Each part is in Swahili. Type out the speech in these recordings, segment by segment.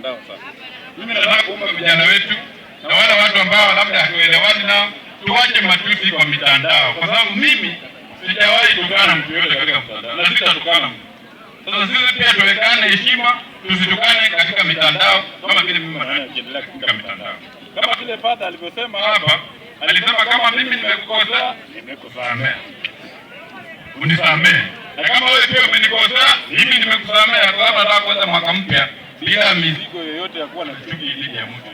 mtandao sana. Mimi nataka kuomba vijana wetu na wale watu ambao labda hatuelewani nao, tuwache matusi kwa mitandao, kwa sababu mimi sijawahi tukana mtu yote katika mtandao na sitatukana mtu. Sasa sisi pia tuwekane heshima, tusitukane katika mitandao kama vile mimi naendelea katika mitandao, kama vile padre alivyosema hapa. Alisema kama mimi nimekukosa, nimekusamehe, unisamehe na kama wewe pia umenikosea, mimi nimekusamehe. Kwa sababu nataka kuanza mwaka mpya bila mizigo yoyote ya kuwa na chuki dhidi ya mtu,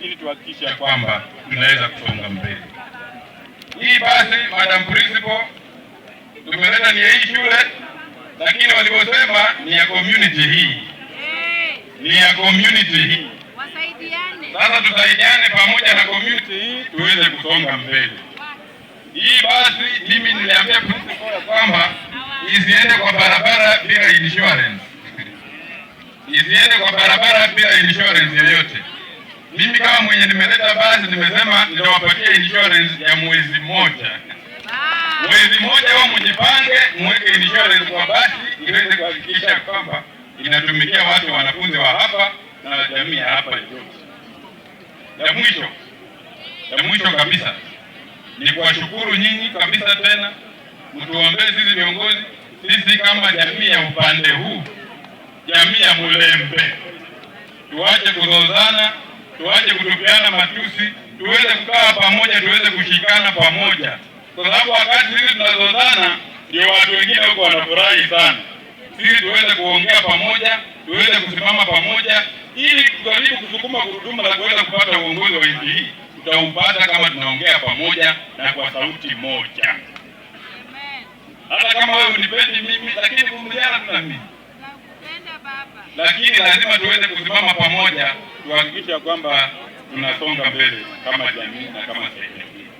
ili tuhakikishe kwamba tunaweza kusonga mbele. Hii basi, madam principal, tumeleta ni ya hii shule, lakini waliposema ni ya community hii, ni ya community hii. Sasa tusaidiane pamoja na community hii tuweze kusonga mbele. Hii basi, mimi niliambia principal kwamba bila insurance isiende kwa barabara bila insurance yoyote. Mimi kama mwenye nimeleta basi, nimesema nitawapatia insurance ya mwezi mmoja. Ah. Mwezi mmoja wao mjipange, mweke insurance kwa basi iweze kuhakikisha kwamba inatumikia watu wanafunzi wa hapa na jamii ya hapa yote. Ya mwisho ya mwisho kabisa ni kuwashukuru nyinyi kabisa tena, mtuombee sisi viongozi sisi kama jamii ya upande huu, jamii ya Mulembe, tuache kuzozana, tuache kutupiana matusi, tuweze kukaa pamoja, tuweze kushikana pamoja, kwa sababu wakati sisi tunazozana ndio watu wengine huko wanafurahi sana. Sisi tuweze kuongea pamoja, tuweze kusimama pamoja, ili tujaribu kusukuma guruduma la kuweza kupata uongozi wa nchi hii. Tutaupata kama tunaongea pamoja na kwa sauti moja hata kama wewe unipendi mimi, lakini kumjana na mimi, lakini lazima tuweze kusimama pamoja, tuhakikisha kwamba tunasonga mbele kama jamii na kama taifa.